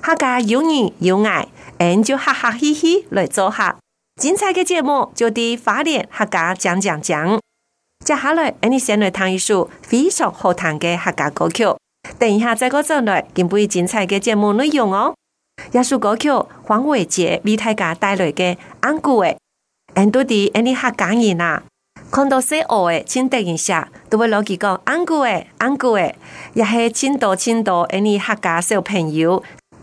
客家有你有愛，咱就哈哈嘻嘻來做客。精彩嘅節目就啲花蓮客家講講講。接下來，我哋先來聽一首非常好聽嘅客家歌曲。等一下再過陣來，更會有精彩嘅節目內容哦。一首歌曲黃偉傑俾大家帶來嘅《安古誒、欸》，我哋啲客家人啦，看到細奧嘅，請等一下，都會攞幾個安古誒，安古誒、欸欸，也係見到見到我哋客家小朋友。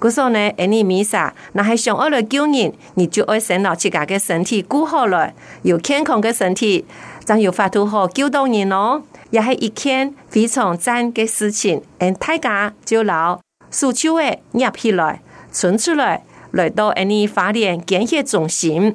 故說呢，安尼彌撒，那係上二樓救人，你就愛先攞自家嘅身體顧好來，有健康嘅身體，再有法度和救到人咯，也係一件非常讚嘅事情。安大家就攞蘇州嘅入起來存出來，來到安尼法點感謝中心。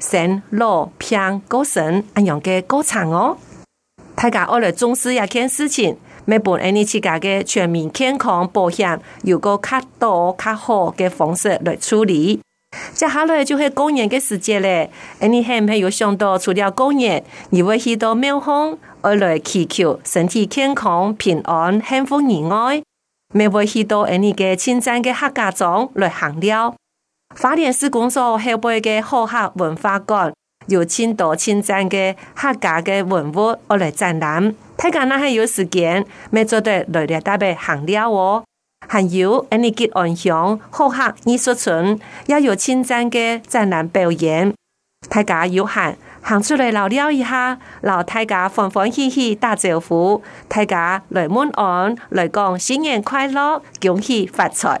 生老病過身安樣嘅過程哦，大家要來重視一件事情，每本呢啲自家嘅全民健康保險，有個較多、較好嘅方式來處理。接下來就係過年嘅時節咧，你係唔係有想到除了過年，而會去到廟鄉，我嚟祈求身體健康、平安、幸福、以外，咪會去到呢啲嘅親戚嘅客家莊來行了。花蓮市工作後背嘅客家文化館，有千多千盞嘅客家嘅文物我來展覽。大家嗱係有時間，咪坐對來日帶備行了哦。還有，等你結安客家藝術村要有千盞嘅展覽表演。大家有行行出來聊了一下，讓大家歡歡喜喜打招呼。大家來問安，來講新年快樂，恭喜發財。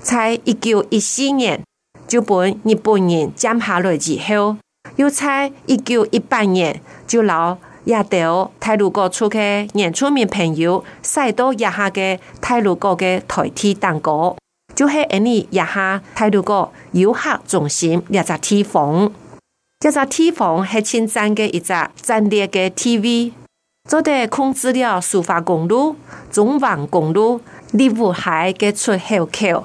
在一九一四年，就本日本人佔下來之後，又在一九一八年，就老亞島太魯閣出去，讓出面朋友曬到一下嘅太魯閣嘅台梯蛋糕，就喺安尼一下太魯閣遊客中心一個地方，一個地方係侵佔嘅一個戰略嘅 T V，就對控制了蘇花公路、中橫公路，立霧溪嘅出海口。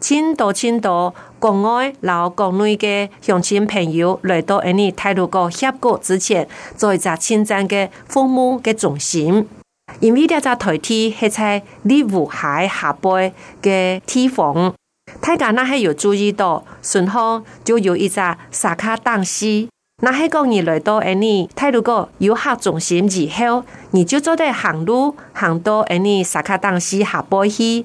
千多千多，國外老國內的鄉親朋友來到呢尼太魯閣峽谷之前，做一隻親贊的父母嘅中心。因為呢一隻台天係在立霧溪下背嘅地方，睇見嗱係有注意到，前方就有一隻砂卡礑斯。嗱喺講，你來到呢尼太魯閣遊客中心以後，你就坐喺行路行到呢尼砂卡礑斯下背去。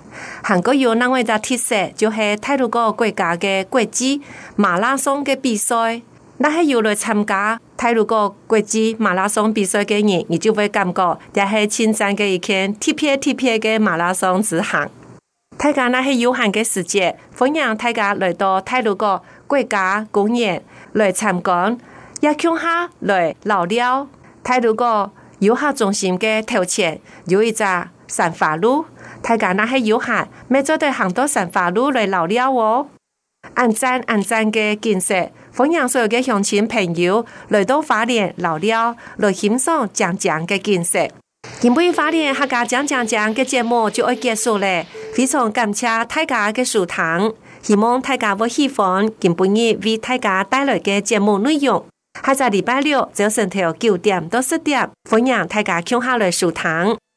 韓國有哪位在特色？就是太魯閣國家嘅國際馬拉松嘅比賽。那係要來參加太魯閣國際馬拉松比賽嘅人，你就會感覺，也是緊張嘅一天。特別特別嘅馬拉松之行。大家那是悠閒嘅時節，歡迎大家來到太魯閣國家公園來參觀。一槍下來老，到了太魯閣遊客中心嘅頭前，有一隻散花路。大家若係遊客，咩都對行到神華路嚟留了哦。按讚按讚嘅建設，歡迎所有嘅鄉親朋友嚟到花蓮留了，嚟欣賞強強嘅建設。今半夜花蓮客家講講講嘅節目就要結束咧，非常感謝大家嘅收聽，希望大家會喜歡今半夜為大家帶來嘅節目內容。下擺禮拜六早晨頭九點到十點，歡迎大家共下嚟收聽。